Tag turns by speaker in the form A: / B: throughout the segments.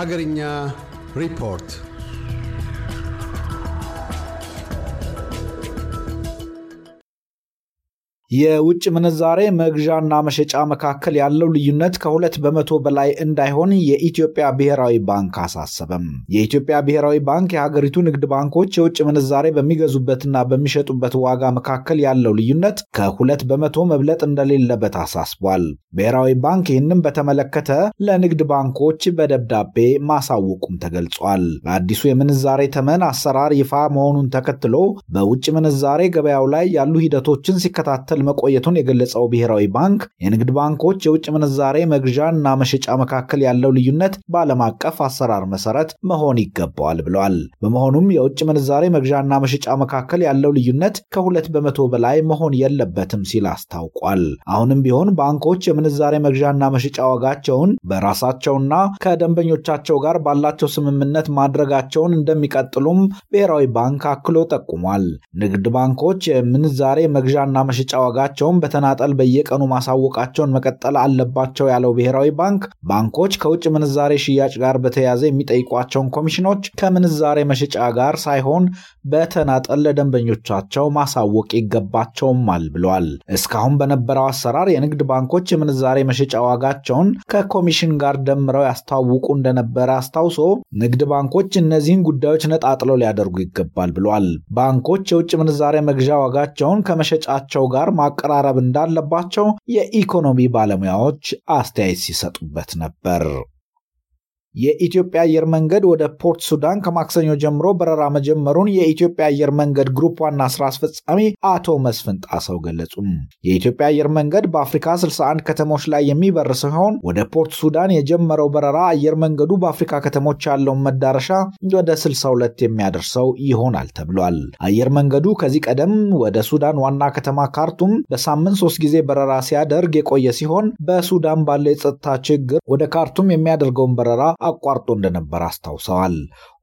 A: Hagarinya Report የውጭ ምንዛሬ መግዣና መሸጫ መካከል ያለው ልዩነት ከሁለት በመቶ በላይ እንዳይሆን የኢትዮጵያ ብሔራዊ ባንክ አሳሰበም። የኢትዮጵያ ብሔራዊ ባንክ የሀገሪቱ ንግድ ባንኮች የውጭ ምንዛሬ በሚገዙበትና በሚሸጡበት ዋጋ መካከል ያለው ልዩነት ከሁለት በመቶ መብለጥ እንደሌለበት አሳስቧል። ብሔራዊ ባንክ ይህንም በተመለከተ ለንግድ ባንኮች በደብዳቤ ማሳወቁም ተገልጿል። በአዲሱ የምንዛሬ ተመን አሰራር ይፋ መሆኑን ተከትሎ በውጭ ምንዛሬ ገበያው ላይ ያሉ ሂደቶችን ሲከታተል ሲያገለግል መቆየቱን የገለጸው ብሔራዊ ባንክ የንግድ ባንኮች የውጭ ምንዛሬ መግዣና መሸጫ መካከል ያለው ልዩነት በዓለም አቀፍ አሰራር መሰረት መሆን ይገባዋል ብለዋል። በመሆኑም የውጭ ምንዛሬ መግዣና መሸጫ መካከል ያለው ልዩነት ከሁለት በመቶ በላይ መሆን የለበትም ሲል አስታውቋል። አሁንም ቢሆን ባንኮች የምንዛሬ መግዣና መሸጫ ዋጋቸውን በራሳቸውና ከደንበኞቻቸው ጋር ባላቸው ስምምነት ማድረጋቸውን እንደሚቀጥሉም ብሔራዊ ባንክ አክሎ ጠቁሟል። ንግድ ባንኮች የምንዛሬ መግዣና መሸጫ ዋጋቸውን በተናጠል በየቀኑ ማሳወቃቸውን መቀጠል አለባቸው ያለው ብሔራዊ ባንክ ባንኮች ከውጭ ምንዛሬ ሽያጭ ጋር በተያያዘ የሚጠይቋቸውን ኮሚሽኖች ከምንዛሬ መሸጫ ጋር ሳይሆን በተናጠል ለደንበኞቻቸው ማሳወቅ ይገባቸውማል ብሏል። እስካሁን በነበረው አሰራር የንግድ ባንኮች የምንዛሬ መሸጫ ዋጋቸውን ከኮሚሽን ጋር ደምረው ያስተዋውቁ እንደነበረ አስታውሶ ንግድ ባንኮች እነዚህን ጉዳዮች ነጣጥለው ሊያደርጉ ይገባል ብሏል። ባንኮች የውጭ ምንዛሬ መግዣ ዋጋቸውን ከመሸጫቸው ጋር ማቀራረብ እንዳለባቸው የኢኮኖሚ ባለሙያዎች አስተያየት ሲሰጡበት ነበር። የኢትዮጵያ አየር መንገድ ወደ ፖርት ሱዳን ከማክሰኞ ጀምሮ በረራ መጀመሩን የኢትዮጵያ አየር መንገድ ግሩፕ ዋና ስራ አስፈጻሚ አቶ መስፍን ጣሰው ገለጹ። የኢትዮጵያ አየር መንገድ በአፍሪካ 61 ከተሞች ላይ የሚበር ሲሆን ወደ ፖርት ሱዳን የጀመረው በረራ አየር መንገዱ በአፍሪካ ከተሞች ያለውን መዳረሻ ወደ 62 የሚያደርሰው ይሆናል ተብሏል። አየር መንገዱ ከዚህ ቀደም ወደ ሱዳን ዋና ከተማ ካርቱም በሳምንት ሶስት ጊዜ በረራ ሲያደርግ የቆየ ሲሆን በሱዳን ባለው የጸጥታ ችግር ወደ ካርቱም የሚያደርገውን በረራ አቋርጦ እንደነበር አስታውሰዋል።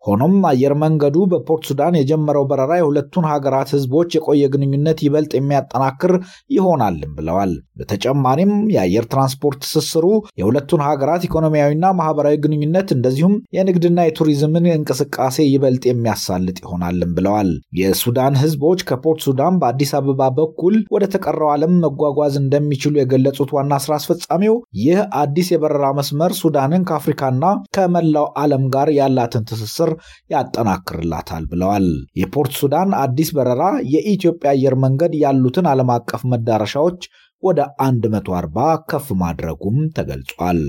A: ሆኖም አየር መንገዱ በፖርት ሱዳን የጀመረው በረራ የሁለቱን ሀገራት ህዝቦች የቆየ ግንኙነት ይበልጥ የሚያጠናክር ይሆናልም ብለዋል። በተጨማሪም የአየር ትራንስፖርት ትስስሩ የሁለቱን ሀገራት ኢኮኖሚያዊና ማህበራዊ ግንኙነት እንደዚሁም የንግድና የቱሪዝምን እንቅስቃሴ ይበልጥ የሚያሳልጥ ይሆናልም ብለዋል። የሱዳን ህዝቦች ከፖርት ሱዳን በአዲስ አበባ በኩል ወደ ተቀረው ዓለም መጓጓዝ እንደሚችሉ የገለጹት ዋና ስራ አስፈጻሚው ይህ አዲስ የበረራ መስመር ሱዳንን ከአፍሪካና ከመላው ዓለም ጋር ያላትን ትስስር ያጠናክርላታል ብለዋል። የፖርት ሱዳን አዲስ በረራ የኢትዮጵያ አየር መንገድ ያሉትን ዓለም አቀፍ መዳረሻዎች ወደ 140 ከፍ ማድረጉም ተገልጿል።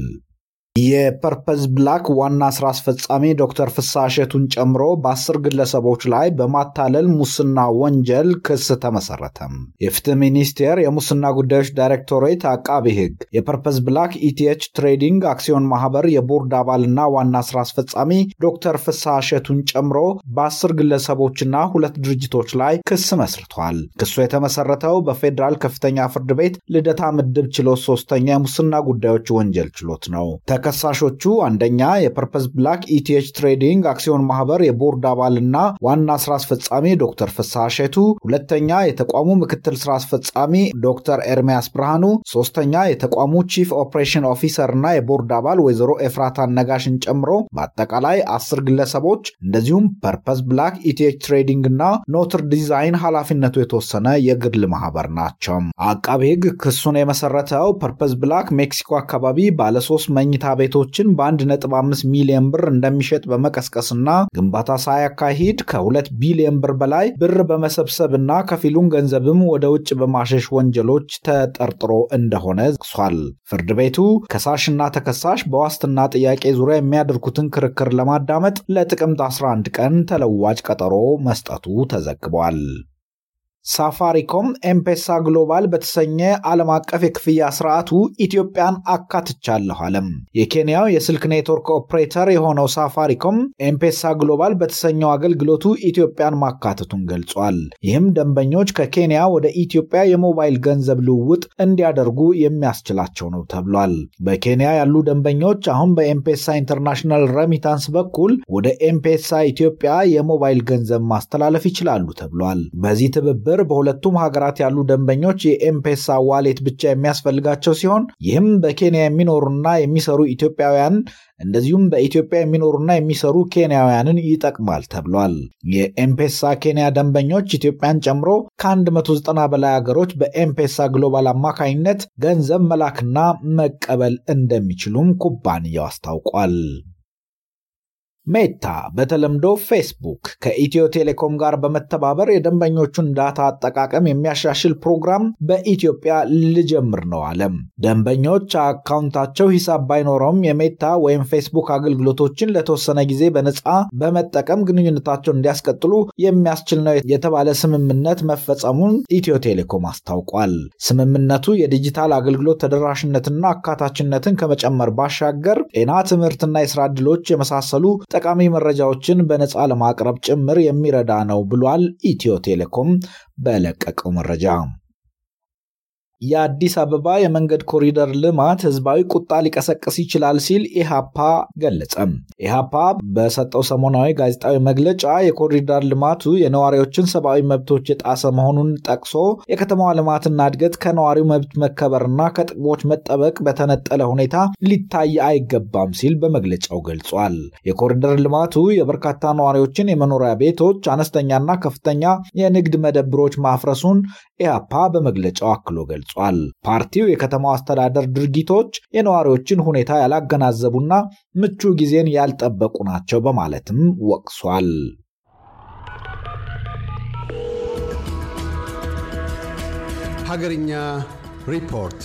A: የፐርፐዝ ብላክ ዋና ስራ አስፈጻሚ ዶክተር ፍሳሸቱን ጨምሮ በአስር ግለሰቦች ላይ በማታለል ሙስና ወንጀል ክስ ተመሰረተም የፍትህ ሚኒስቴር የሙስና ጉዳዮች ዳይሬክቶሬት አቃቢ ህግ የፐርፐዝ ብላክ ኢቲኤች ትሬዲንግ አክሲዮን ማህበር የቦርድ አባልና ዋና ስራ አስፈጻሚ ዶክተር ፍሳሸቱን ጨምሮ በአስር ግለሰቦችና ሁለት ድርጅቶች ላይ ክስ መስርቷል። ክሱ የተመሰረተው በፌዴራል ከፍተኛ ፍርድ ቤት ልደታ ምድብ ችሎት ሶስተኛ የሙስና ጉዳዮች ወንጀል ችሎት ነው። ተከሳሾቹ አንደኛ የፐርፐስ ብላክ ኢቲኤች ትሬዲንግ አክሲዮን ማህበር የቦርድ አባልና ዋና ስራ አስፈጻሚ ዶክተር ፍስሐ ሸቱ፣ ሁለተኛ የተቋሙ ምክትል ስራ አስፈጻሚ ዶክተር ኤርሚያስ ብርሃኑ፣ ሶስተኛ የተቋሙ ቺፍ ኦፕሬሽን ኦፊሰርና የቦርድ አባል ወይዘሮ ኤፍራታ ነጋሽን ጨምሮ በአጠቃላይ አስር ግለሰቦች እንደዚሁም ፐርፐስ ብላክ ኢቲኤች ትሬዲንግ እና ኖትር ዲዛይን ኃላፊነቱ የተወሰነ የግል ማህበር ናቸው። አቃቤ ክሱን የመሰረተው ፐርፐስ ብላክ ሜክሲኮ አካባቢ ባለሶስት መኝታ ቤቶችን በ1.5 ሚሊዮን ብር እንደሚሸጥ በመቀስቀስና ግንባታ ሳያካሂድ ከ2 ቢሊዮን ብር በላይ ብር በመሰብሰብና ከፊሉን ገንዘብም ወደ ውጭ በማሸሽ ወንጀሎች ተጠርጥሮ እንደሆነ ጠቅሷል። ፍርድ ቤቱ ከሳሽና ተከሳሽ በዋስትና ጥያቄ ዙሪያ የሚያደርጉትን ክርክር ለማዳመጥ ለጥቅምት 11 ቀን ተለዋጭ ቀጠሮ መስጠቱ ተዘግቧል። ሳፋሪኮም ኤምፔሳ ግሎባል በተሰኘ ዓለም አቀፍ የክፍያ ስርዓቱ ኢትዮጵያን አካትቻለሁ አለም። የኬንያው የስልክ ኔትወርክ ኦፕሬተር የሆነው ሳፋሪኮም ኤምፔሳ ግሎባል በተሰኘው አገልግሎቱ ኢትዮጵያን ማካተቱን ገልጿል። ይህም ደንበኞች ከኬንያ ወደ ኢትዮጵያ የሞባይል ገንዘብ ልውውጥ እንዲያደርጉ የሚያስችላቸው ነው ተብሏል። በኬንያ ያሉ ደንበኞች አሁን በኤምፔሳ ኢንተርናሽናል ረሚታንስ በኩል ወደ ኤምፔሳ ኢትዮጵያ የሞባይል ገንዘብ ማስተላለፍ ይችላሉ ተብሏል። በዚህ ትብብር ጭምር በሁለቱም ሀገራት ያሉ ደንበኞች የኤምፔሳ ዋሌት ብቻ የሚያስፈልጋቸው ሲሆን ይህም በኬንያ የሚኖሩና የሚሰሩ ኢትዮጵያውያን እንደዚሁም በኢትዮጵያ የሚኖሩና የሚሰሩ ኬንያውያንን ይጠቅማል ተብሏል። የኤምፔሳ ኬንያ ደንበኞች ኢትዮጵያን ጨምሮ ከ190 በላይ ሀገሮች በኤምፔሳ ግሎባል አማካኝነት ገንዘብ መላክና መቀበል እንደሚችሉም ኩባንያው አስታውቋል። ሜታ በተለምዶ ፌስቡክ ከኢትዮ ቴሌኮም ጋር በመተባበር የደንበኞቹን ዳታ አጠቃቀም የሚያሻሽል ፕሮግራም በኢትዮጵያ ልጀምር ነው አለም። ደንበኞች አካውንታቸው ሂሳብ ባይኖረውም የሜታ ወይም ፌስቡክ አገልግሎቶችን ለተወሰነ ጊዜ በነፃ በመጠቀም ግንኙነታቸውን እንዲያስቀጥሉ የሚያስችል ነው የተባለ ስምምነት መፈጸሙን ኢትዮ ቴሌኮም አስታውቋል። ስምምነቱ የዲጂታል አገልግሎት ተደራሽነትና አካታችነትን ከመጨመር ባሻገር ጤና፣ ትምህርትና የስራ ዕድሎች የመሳሰሉ ጠቃሚ መረጃዎችን በነፃ ለማቅረብ ጭምር የሚረዳ ነው ብሏል ኢትዮ ቴሌኮም በለቀቀው መረጃ። የአዲስ አበባ የመንገድ ኮሪደር ልማት ህዝባዊ ቁጣ ሊቀሰቅስ ይችላል ሲል ኢሃፓ ገለጸም። ኢሃፓ በሰጠው ሰሞናዊ ጋዜጣዊ መግለጫ የኮሪደር ልማቱ የነዋሪዎችን ሰብአዊ መብቶች የጣሰ መሆኑን ጠቅሶ የከተማዋ ልማትና እድገት ከነዋሪው መብት መከበርና ከጥቅሞች መጠበቅ በተነጠለ ሁኔታ ሊታይ አይገባም ሲል በመግለጫው ገልጿል። የኮሪደር ልማቱ የበርካታ ነዋሪዎችን የመኖሪያ ቤቶች፣ አነስተኛና ከፍተኛ የንግድ መደብሮች ማፍረሱን ኢሃፓ በመግለጫው አክሎ ገልጿል። ገልጿል። ፓርቲው የከተማው አስተዳደር ድርጊቶች የነዋሪዎችን ሁኔታ ያላገናዘቡና ምቹ ጊዜን ያልጠበቁ ናቸው በማለትም ወቅሷል። ሀገርኛ ሪፖርት